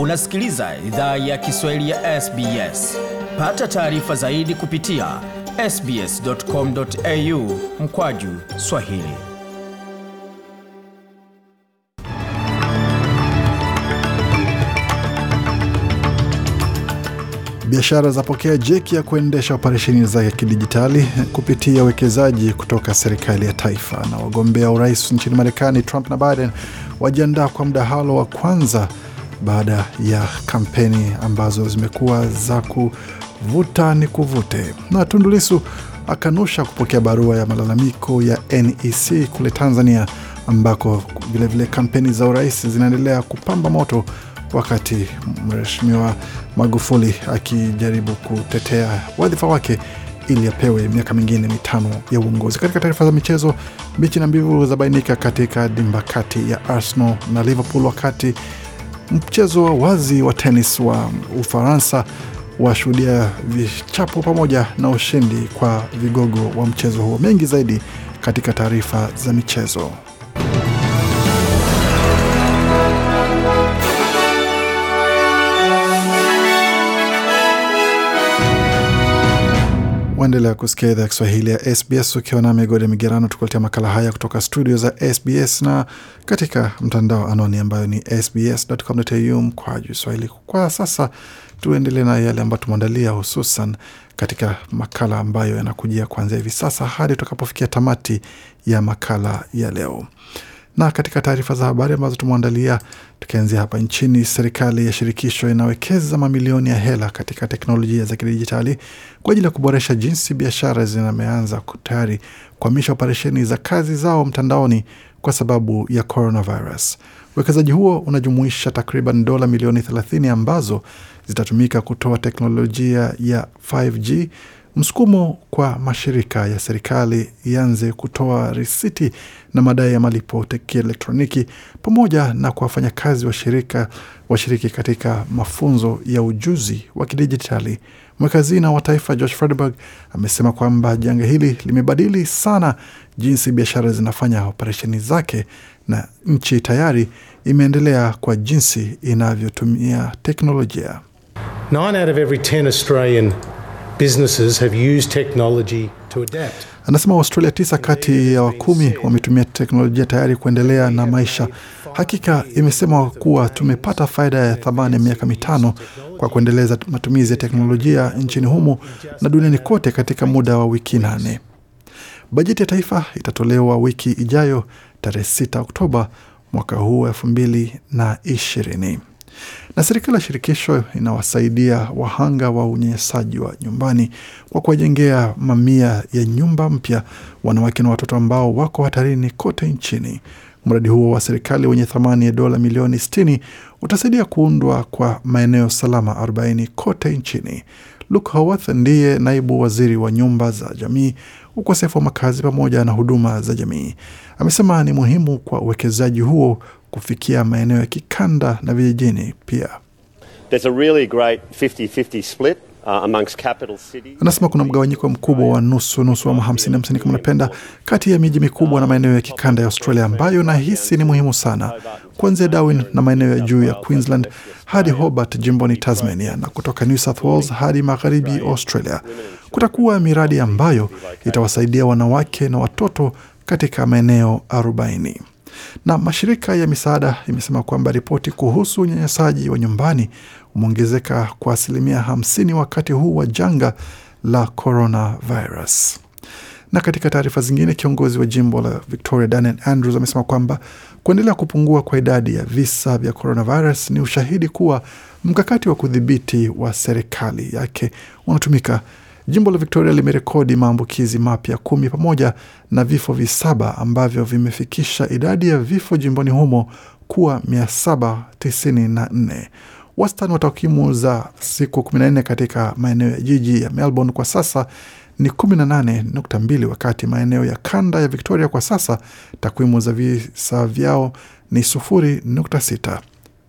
Unasikiliza idhaa ya Kiswahili ya SBS. Pata taarifa zaidi kupitia sbs.com.au mkwaju Swahili. Biashara zapokea jeki ya kuendesha operesheni zake kidijitali kupitia uwekezaji kutoka serikali ya taifa. Na wagombea urais nchini Marekani, Trump na Biden, wajiandaa kwa mdahalo wa kwanza baada ya kampeni ambazo zimekuwa za kuvuta ni kuvute. Na tundulisu akanusha kupokea barua ya malalamiko ya NEC kule Tanzania, ambako vilevile kampeni za urais zinaendelea kupamba moto, wakati Mheshimiwa Magufuli akijaribu kutetea wadhifa wake ili apewe miaka mingine mitano ya uongozi. Katika taarifa za michezo, michi na mbivu za bainika katika dimba kati ya Arsenal na Liverpool, wakati Mchezo wa wazi wa tenis wa Ufaransa washuhudia vichapo pamoja na ushindi kwa vigogo wa mchezo huo. Mengi zaidi katika taarifa za michezo. Waendelea kusikia idhaa ya Kiswahili ya SBS ukiwa na migode migerano, tukuletea makala haya kutoka studio za SBS na katika mtandao anwani ambayo ni sbs.com.au mkwaju swahili. Kwa sasa tuendelee na yale ambayo tumeandalia, hususan katika makala ambayo yanakujia kuanzia hivi sasa hadi tutakapofikia tamati ya makala ya leo. Na katika taarifa za habari ambazo tumeandalia, tukianzia hapa nchini, serikali ya shirikisho inawekeza mamilioni ya hela katika teknolojia za kidijitali kwa ajili ya kuboresha jinsi biashara zinameanza tayari kuhamisha operesheni za kazi zao mtandaoni kwa sababu ya coronavirus. Uwekezaji huo unajumuisha takriban dola milioni 30 ambazo zitatumika kutoa teknolojia ya 5G msukumo kwa mashirika ya serikali ianze kutoa risiti na madai ya malipo kielektroniki pamoja na kwa wafanyakazi wa washiriki katika mafunzo ya ujuzi wa kidijitali. mwekazina wa taifa Josh fredberg amesema kwamba janga hili limebadili sana jinsi biashara zinafanya operesheni zake na nchi tayari imeendelea kwa jinsi inavyotumia teknolojia. out of every 10 Australian businesses have used technology to adapt. Anasema Waustralia tisa kati ya wakumi wametumia teknolojia tayari kuendelea na maisha. Hakika imesema kuwa tumepata faida ya thamani ya miaka mitano kwa kuendeleza matumizi ya teknolojia nchini humo na duniani kote katika muda wa wiki nane. Bajeti ya taifa itatolewa wiki ijayo tarehe 6 Oktoba mwaka huu elfu mbili na ishirini. Na serikali ya shirikisho inawasaidia wahanga wa unyanyasaji wa nyumbani kwa kuwajengea mamia ya nyumba mpya wanawake na watoto ambao wako hatarini kote nchini. Mradi huo wa serikali wenye thamani ya dola milioni 60 utasaidia kuundwa kwa maeneo salama 40 kote nchini. Luke Howarth ndiye naibu waziri wa nyumba za jamii, ukosefu wa makazi pamoja na huduma za jamii. Amesema ni muhimu kwa uwekezaji huo kufikia maeneo ya kikanda na vijijini pia. Uh, anasema kuna mgawanyiko mkubwa wa nusu nusu ama hamsini hamsini kama napenda kati ya miji mikubwa na maeneo ya kikanda ya Australia ambayo nahisi ni muhimu sana, kuanzia Darwin na maeneo ya juu ya Queensland hadi Hobart jimboni Tasmania, na kutoka New South Wales hadi magharibi Australia. Kutakuwa miradi ambayo itawasaidia wanawake na watoto katika maeneo arobaini. Na mashirika ya misaada imesema kwamba ripoti kuhusu unyanyasaji wa nyumbani umeongezeka kwa asilimia 50 wakati huu wa janga la coronavirus. Na katika taarifa zingine, kiongozi wa jimbo la Victoria Daniel Andrews amesema kwamba kuendelea kupungua kwa idadi ya visa vya coronavirus ni ushahidi kuwa mkakati wa kudhibiti wa serikali yake unatumika Jimbo la Victoria limerekodi maambukizi mapya kumi pamoja na vifo visaba ambavyo vimefikisha idadi ya vifo jimboni humo kuwa 794. Wastani wa takwimu za siku 14 katika maeneo ya jiji ya Melbourne kwa sasa ni 18.2, wakati maeneo ya kanda ya Victoria kwa sasa takwimu za visa vyao ni 0.6.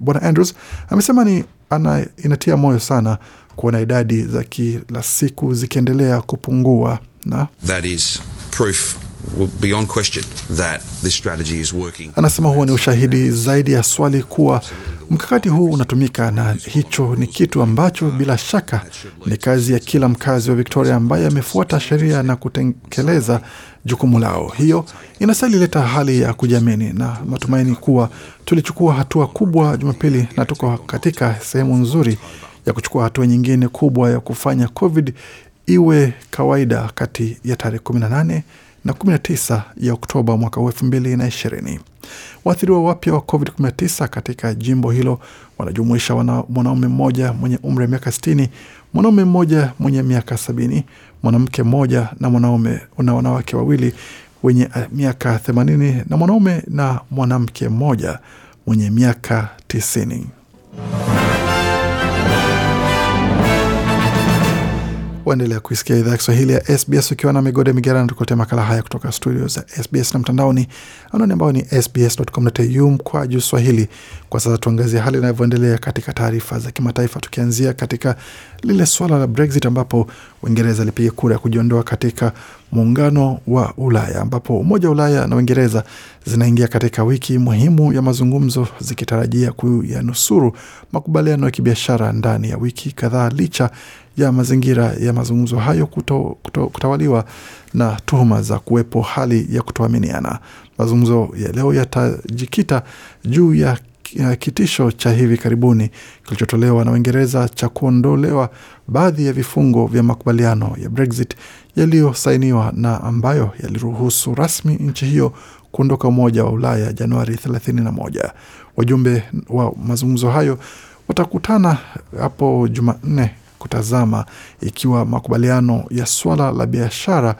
Bwana Andrews amesema ni ana, inatia moyo sana kuona idadi za kila siku zikiendelea kupungua na That is proof that this strategy is working. Anasema huo ni ushahidi zaidi ya swali kuwa mkakati huu unatumika, na hicho ni kitu ambacho bila shaka ni kazi ya kila mkazi wa Victoria ambaye amefuata sheria na kutekeleza jukumu lao. Hiyo inastahili leta hali ya kujiamini na matumaini kuwa tulichukua hatua kubwa Jumapili na tuko katika sehemu nzuri ya kuchukua hatua nyingine kubwa ya kufanya COVID iwe kawaida kati ya tarehe 18 na 19 ya Oktoba mwaka wa ishirini. Waathiriwa wapya wa COVID-19 katika jimbo hilo wanajumuisha mwanaume mmoja mwenye umri wa miaka 60 mwanaume mmoja mwenye miaka sabini, mwanamke mmoja na mwanaume na wanawake wawili wenye eh, miaka themanini na mwanaume na mwanamke mmoja mwenye miaka tisini. Waendelea kuisikia idhaa ya Kiswahili ya SBS ukiwa na migode migerana, tukuletea makala haya kutoka studio za SBS na mtandaoni, anwani ambayo ni sbs.com.au juu swahili. Kwa sasa tuangazie hali inavyoendelea katika taarifa za kimataifa, tukianzia katika lile swala la Brexit ambapo Uingereza alipiga kura ya kujiondoa katika muungano wa Ulaya, ambapo Umoja wa Ulaya na Uingereza zinaingia katika wiki muhimu ya mazungumzo zikitarajia kuyanusuru makubaliano ya kibiashara ndani ya wiki kadhaa, licha ya mazingira ya mazungumzo hayo kuto, kuto, kutawaliwa na tuhuma za kuwepo hali ya kutoaminiana. Mazungumzo ya leo yatajikita juu ya kitisho cha hivi karibuni kilichotolewa na Uingereza cha kuondolewa baadhi ya vifungo vya makubaliano ya Brexit yaliyosainiwa na ambayo yaliruhusu rasmi nchi hiyo kuondoka Umoja wa Ulaya Januari 31. Wajumbe wa mazungumzo hayo watakutana hapo Jumanne kutazama ikiwa makubaliano ya swala la biashara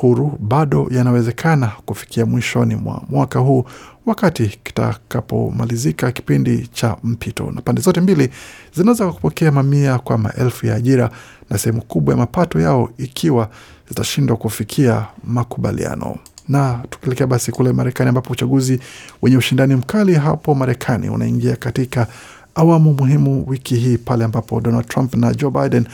huru bado yanawezekana kufikia mwishoni mwa mwaka huu wakati kitakapomalizika kipindi cha mpito, na pande zote mbili zinaweza kupokea mamia kwa maelfu ya ajira na sehemu kubwa ya mapato yao ikiwa zitashindwa kufikia makubaliano. Na tukielekea basi kule Marekani, ambapo uchaguzi wenye ushindani mkali hapo Marekani unaingia katika awamu muhimu wiki hii pale ambapo Donald Trump na Joe Biden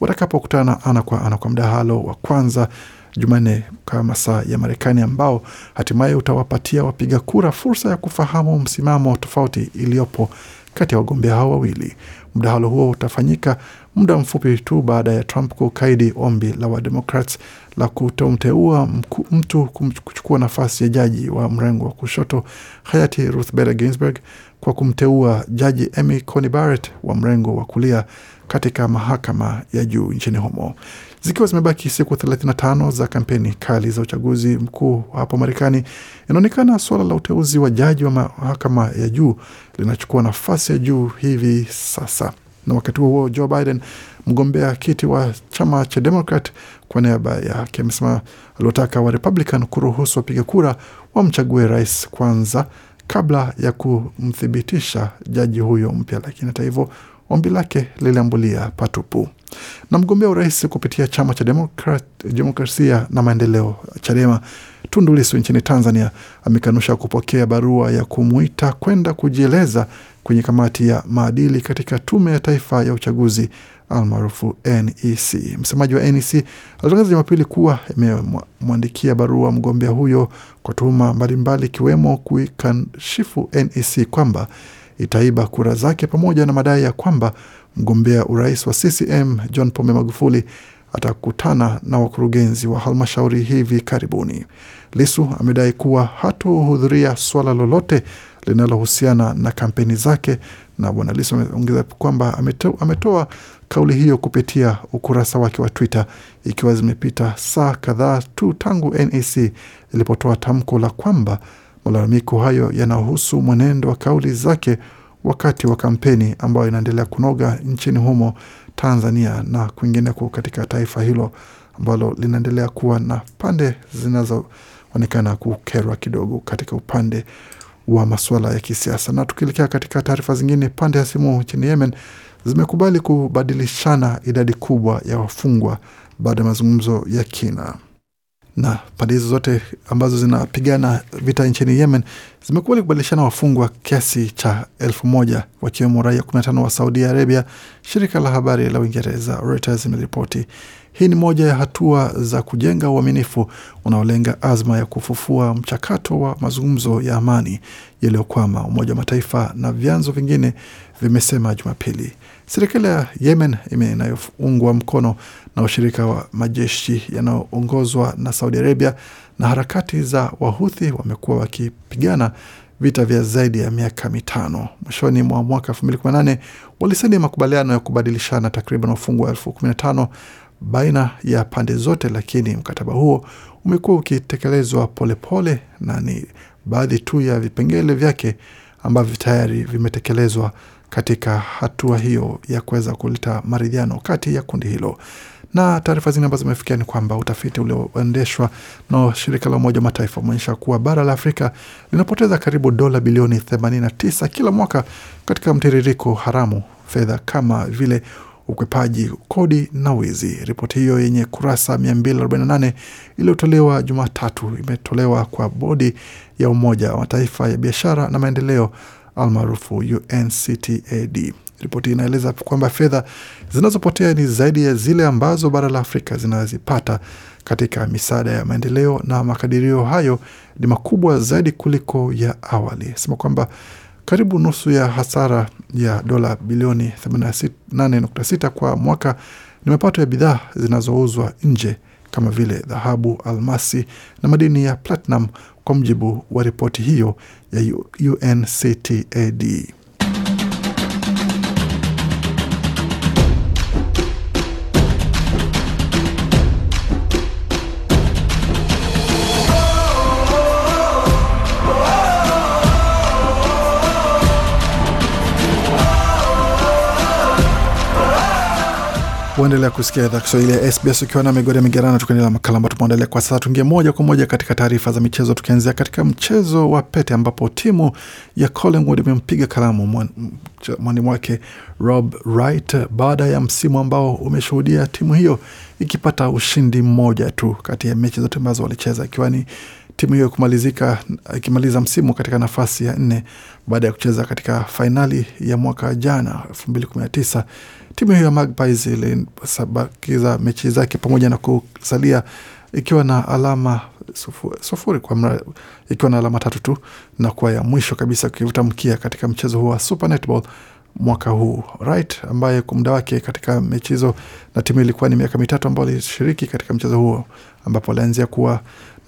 watakapokutana ana kwa ana kwa mdahalo wa kwanza Jumanne kama masaa ya Marekani, ambao hatimaye utawapatia wapiga kura fursa ya kufahamu msimamo tofauti iliyopo kati ya wagombea hao wawili. Mdahalo huo utafanyika muda mfupi tu baada ya Trump kukaidi ombi la Wademokrats la kutomteua mtu kuchukua nafasi ya jaji wa mrengo wa kushoto hayati Ruth Bader Ginsburg kwa kumteua jaji Amy Coney Barrett wa mrengo wa kulia katika mahakama ya juu nchini humo. Zikiwa zimebaki siku 35 za kampeni kali za uchaguzi mkuu hapo Marekani, inaonekana suala la uteuzi wa jaji wa mahakama ya juu linachukua nafasi ya juu hivi sasa. Na wakati huo Joe Biden, mgombea kiti wa chama cha Demokrat kwa niaba yake, amesema aliotaka wa Republican kuruhusu wapiga kura wamchague rais kwanza kabla ya kumthibitisha jaji huyo mpya. Lakini hata hivyo ombi lake liliambulia patupu. Na mgombea urais kupitia chama cha demokrat, demokrasia na maendeleo Chadema Tundu Lissu nchini Tanzania amekanusha kupokea barua ya kumwita kwenda kujieleza kwenye kamati ya maadili katika Tume ya Taifa ya Uchaguzi almaarufu NEC. Msemaji wa NEC alitangaza Jumapili kuwa imemwandikia barua mgombea huyo kwa tuhuma mbalimbali ikiwemo kuikashifu NEC kwamba itaiba kura zake pamoja na madai ya kwamba mgombea urais wa CCM John Pombe Magufuli atakutana na wakurugenzi wa halmashauri hivi karibuni. Lisu amedai kuwa hatohudhuria swala lolote linalohusiana na kampeni zake, na bwana Lisu ameongeza kwamba ametoa kauli hiyo kupitia ukurasa wake wa Twitter ikiwa zimepita saa kadhaa tu tangu NEC ilipotoa tamko la kwamba Malalamiko hayo yanahusu mwenendo wa kauli zake wakati wa kampeni ambayo inaendelea kunoga nchini humo Tanzania na kwingineko katika taifa hilo ambalo linaendelea kuwa na pande zinazoonekana kukerwa kidogo katika upande wa masuala ya kisiasa. Na tukielekea katika taarifa zingine, pande ya simu nchini Yemen zimekubali kubadilishana idadi kubwa ya wafungwa baada ya mazungumzo ya kina na pande hizo zote ambazo zinapigana vita nchini Yemen zimekubali kubadilishana wafungwa kiasi cha elfu moja wakiwemo raia 15 wa Saudi Arabia, shirika la habari la Uingereza Reuters imeripoti. Hii ni moja ya hatua za kujenga uaminifu unaolenga azma ya kufufua mchakato wa mazungumzo ya amani yaliyokwama, Umoja wa Mataifa na vyanzo vingine vimesema Jumapili. Serikali ya Yemen inayoungwa mkono na washirika wa majeshi yanayoongozwa na Saudi Arabia na harakati za Wahuthi wamekuwa wakipigana vita vya zaidi ya miaka mitano. Mwishoni mwa mwaka 2018 walisaini makubaliano ya kubadilishana takriban wafungwa elfu 15 baina ya pande zote, lakini mkataba huo umekuwa ukitekelezwa polepole na ni baadhi tu ya vipengele vyake ambavyo tayari vimetekelezwa katika hatua hiyo ya kuweza kuleta maridhiano kati ya kundi hilo. Na taarifa zingine ambazo zimefikia ni kwamba utafiti ulioendeshwa na no shirika la Umoja wa Mataifa umeonyesha kuwa bara la Afrika linapoteza karibu dola bilioni 89 kila mwaka katika mtiririko haramu fedha kama vile ukwepaji kodi na wizi. Ripoti hiyo yenye kurasa 248 iliyotolewa Jumatatu imetolewa kwa bodi ya Umoja wa Mataifa ya biashara na maendeleo almaarufu UNCTAD. Ripoti inaeleza kwamba fedha zinazopotea ni zaidi ya zile ambazo bara la Afrika zinazipata katika misaada ya maendeleo, na makadirio hayo ni makubwa zaidi kuliko ya awali. Sema kwamba karibu nusu ya hasara ya dola bilioni 8.6 kwa mwaka ni mapato ya bidhaa zinazouzwa nje kama vile dhahabu, almasi na madini ya platinum, kwa mujibu wa ripoti hiyo ya UNCTAD. Waendelea kusikia idhaa Kiswahili ya SBS ukiwa na migodi ya migerano, tukiendelea makala ambayo tumeandalia kwa sasa. Tuingie moja kwa moja katika taarifa za michezo, tukianzia katika mchezo wa pete ambapo timu ya Collingwood imempiga kalamu mwani wake Rob Wright baada ya msimu ambao umeshuhudia timu hiyo ikipata ushindi mmoja tu kati ya mechi zote ambazo walicheza ikiwa ni timu hiyo kumalizika ikimaliza msimu katika nafasi ya nne baada ya kucheza katika fainali ya mwaka jana elfu mbili kumi na tisa Timu hiyo ya Magpies ilisabakiza mechi zake pamoja na kusalia ikiwa na alama sufuri, sufuri kwa mra, ikiwa na alama tatu tu na kuwa ya mwisho kabisa kuivuta mkia katika mchezo huu wa Super Netball mwaka huu. Right, ambaye muda wake katika mechi hizo na timu ilikuwa ni miaka mitatu, ambao alishiriki katika mchezo huo ambapo alianzia kuwa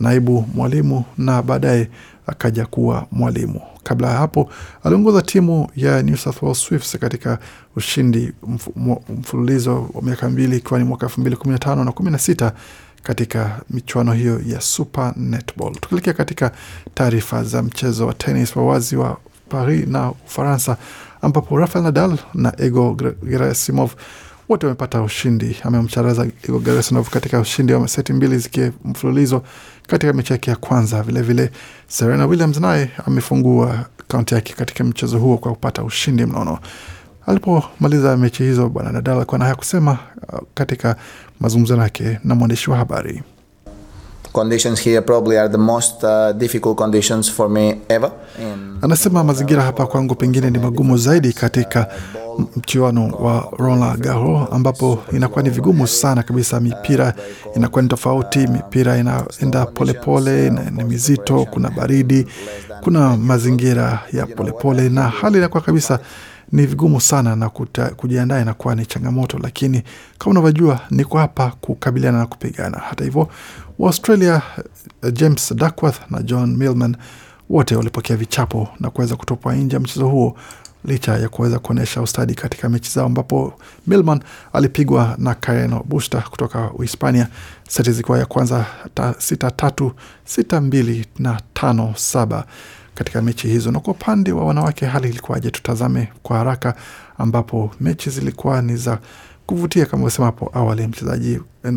naibu mwalimu na baadaye akaja kuwa mwalimu. Kabla ya hapo aliongoza timu ya New South Wales Swifts katika ushindi mfululizo wa miaka mbili ikiwa ni mwaka elfu mbili kumi na tano na kumi na sita katika michuano hiyo ya Super Netball. Tukielekea katika taarifa za mchezo wa tenis wa wazi wa Paris na Ufaransa, ambapo Rafael Nadal na Igor Gerasimov wote wamepata ushindi. Amemcharaza Igor Gerasimov katika ushindi wa seti mbili zikimfululizo katika mechi yake ya kwanza. Vilevile vile, Serena Williams naye amefungua kaunti yake katika mchezo huo kwa kupata ushindi mnono. Alipomaliza mechi hizo, bwana Nadal alikuwa na haya kusema uh, katika mazungumzo yake na mwandishi wa habari. Uh, Anasema mazingira hapa kwangu pengine ni magumu zaidi katika mchuano wa Roland Garros, ambapo inakuwa ni vigumu sana kabisa. Mipira inakuwa ni tofauti, mipira inaenda polepole, ni mizito, kuna baridi, kuna mazingira ya polepole pole, na hali inakuwa kabisa ni vigumu sana na kujiandaa inakuwa ni changamoto, lakini kama unavyojua niko hapa kukabiliana na kupigana. Hata hivyo, Waaustralia James Duckworth na John Millman wote walipokea vichapo na kuweza kutopwa nje ya mchezo huo licha ya kuweza kuonyesha ustadi katika mechi zao, ambapo Milman alipigwa na Kaeno Busta kutoka Uhispania, seti zikiwa ya kwanza ta, sita tatu sita mbili na tano saba katika mechi hizo. Na kwa upande wa wanawake hali ilikuwaje? Tutazame kwa haraka, ambapo mechi zilikuwa ni za kuvutia kama usema hapo awali. Mchezaji eh,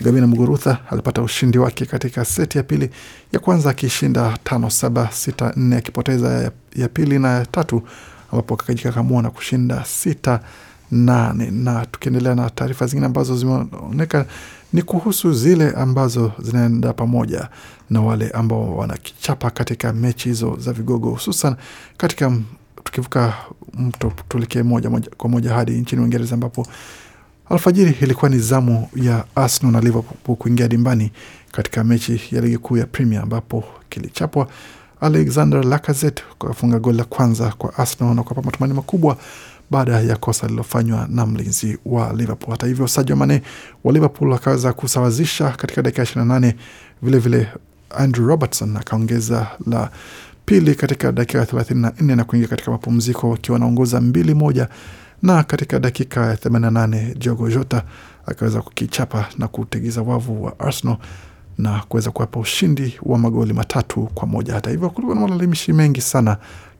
Gabina Mgurutha alipata ushindi wake katika seti ya pili ya kwanza akishinda tano saba sita nne akipoteza ya, ya pili na ya tatu ambapo kamua na kushinda sita nane. Na tukiendelea na taarifa zingine ambazo zimeoneka ni kuhusu zile ambazo zinaenda pamoja na wale ambao wanakichapa katika mechi hizo za vigogo, hususan katika tukivuka mto tuelekee moja, moja kwa moja hadi nchini Uingereza ambapo alfajiri ilikuwa ni zamu ya Arsenal na Liverpool kuingia dimbani katika mechi ya ligi kuu ya Premier ambapo kilichapwa Alexander Lacazette kafunga goli la kwanza kwa Arsenal na kuwapa matumaini makubwa baada ya kosa lililofanywa na mlinzi wa Liverpool. Hata hivyo, Sadio Mane wa Liverpool akaweza kusawazisha katika dakika nane. Vilevile Andrew Robertson akaongeza la pili katika dakika ya thelathini na kuingia katika mapumziko wakiwa naongoza mbili moja, na katika dakika ya nane Diogo Jota akaweza kukichapa na kutegeza wavu wa Arsenal na kuweza kuwapa ushindi wa magoli matatu kwa moja. Hata hivyo, kulikuwa na malalamishi mengi sana,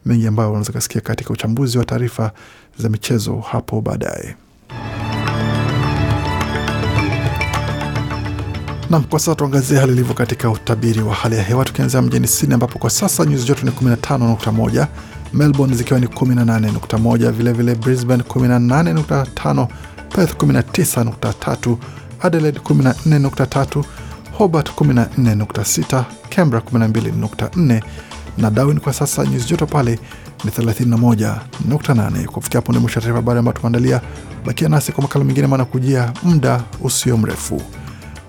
mengi ambayo unaweza kasikia katika uchambuzi wa taarifa za michezo hapo baadaye. Nam, kwa sasa tuangazie hali ilivyo katika utabiri wa hali ya hewa, tukianzia mjini Sydney ambapo kwa sasa nyuzi joto ni 15.1, Melbourne zikiwa ni 18.1, vilevile Brisbane 18.5, Perth 19.3, Adelaide 14.3 Hobart 14.6, Canberra 12.4 na Darwin. Kwa sasa nyuzi joto pale ni 31.8. Kufikia hapo ni mwisho wa taarifa habari ambayo tumeandalia. Bakia nasi kwa makala mengine, maana kujia muda usio mrefu.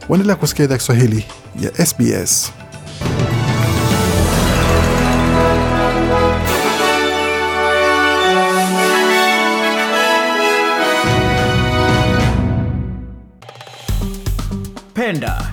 Waendelea kusikia idhaa Kiswahili ya SBS. Penda,